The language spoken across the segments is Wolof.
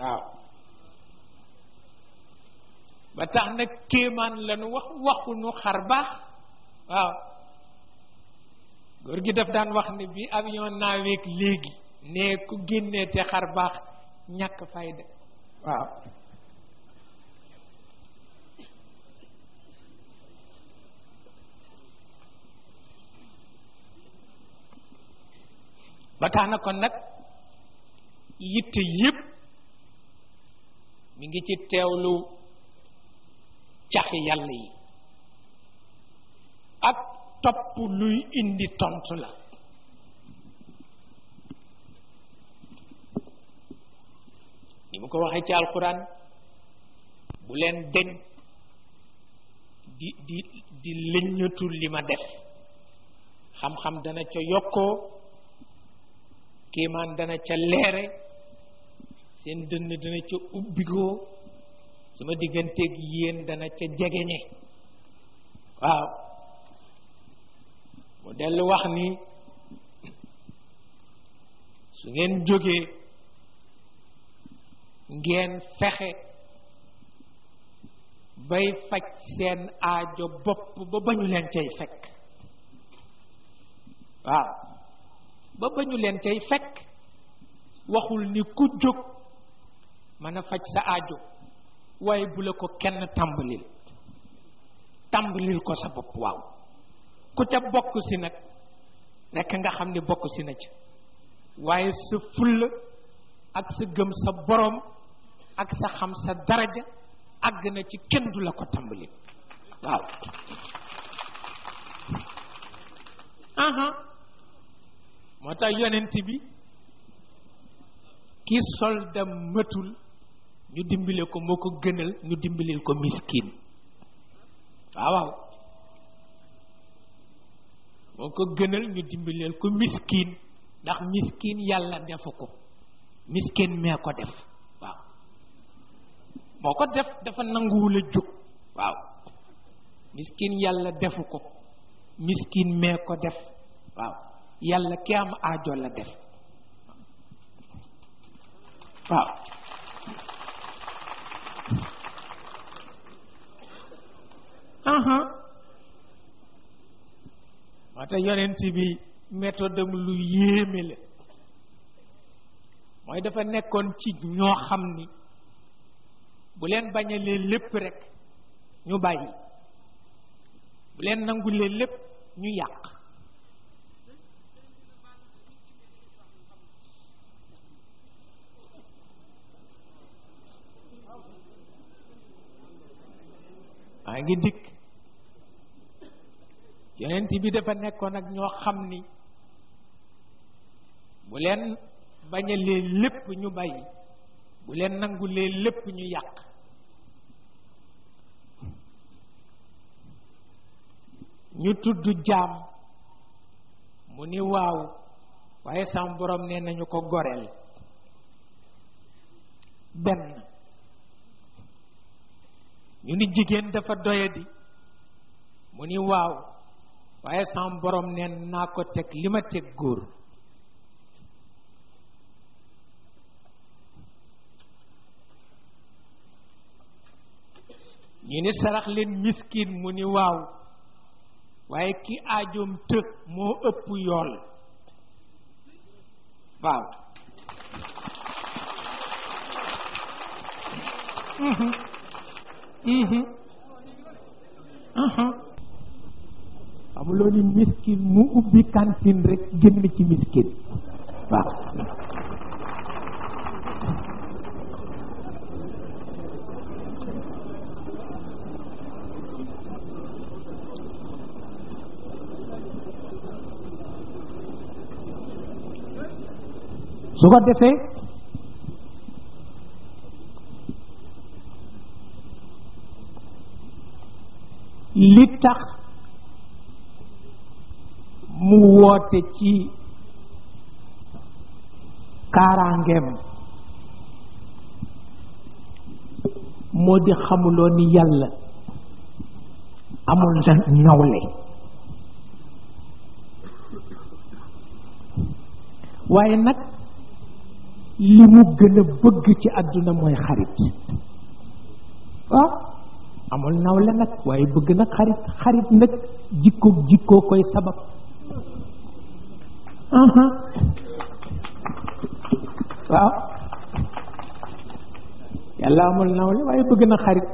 waaw ba tax nag kéemaan la wax waxu xar baax waaw góor gi daan wax ne bi avion naaweeg léegi ne ku génnee te xar baax ñàkk fayda waaw ba tax na kon nag yitte yépp mi ngi ci teewlu caxi yàlla yi ak topp luy indi tontu la ni mu ko waxee ci alquran bu leen di di di lëññatu li ma def xam-xam dana ca yokkoo dana ca leere seen dënn dana ca ubbikoo sama digganteeg yéen dana ca jegeñe waaw mu dellu wax ni su ngeen jógee ngeen fexe bay faj seen aajo bopp ba bañu leen cay fekk waaw ba bañu leen cay fekk waxul ni ku jóg mana faj sa aajo waaye bu la ko kenn tàmbalil tàmbalil ko sa bopp waaw ku ca bokk si nag nga xam ne bokk na ci waaye sa fulla ak sa gëm sa borom ak sa xam sa daraja àgg na ci kenn du la ko tàmbalil waaw aha mata tax yonent bi ki solda matul ñu dimbile ko moo ko gënal ñu dimbilil ko miskin waaw moo ko gënal ñu dimbileel ko miskin ndax miskin yàlla defu ko miskin mee ko def waaw ko def dafa nanguwul a jóg yàlla defu ko miskin mee def yàlla ki am aajo la def waaw Uh-huh. moo tax yonent bi méthode am lu yéeme la mooy dafa nekkoon ci ñoo xam ni bu leen bañalee lépp rekk ñu bàyyi bu leen nangulee lépp ñu yàq maa ngi dikk yonent bi dafa nekkoon ak ñoo xam ni bu leen bañalee lépp ñu bàyyi bu leen nangulee lépp ñu yàq ñu tudd jaam mu ni waaw waaye sam borom nee nañu ko goreel benn ñu ni jigéen dafa doyadi mu ni waaw waaye sama borom neen naa ko teg li ma teg góor ñu ni sarax leen miskin mu ni waaw waaye ki aajoom të moo ëpp yool waaw mhm. Mhm. Mhm. xamuloo ni miskin mu ubbi cantine rek génn ci miskin waaw su ko defee li tax mu woote ci kaaraangeem moo di xamuloo ni yàlla amul na nawle waaye nag li mu gën a bëgg ci àdduna mooy xarit waaw amul nawle nag waaye bëgg nag xarit xarit nag jikkoog jikkoo koy sabab Uh-huh. waaw yàlla amul nawle waaye bëgg na xarit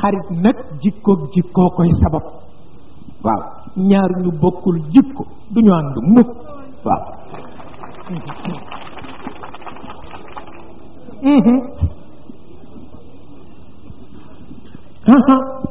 xarit nag jikkoog jikkoo koy sabab waaw ñaar ñu bokkul jikko du ñu ànd mukk waaw uh-huh. Uh-huh.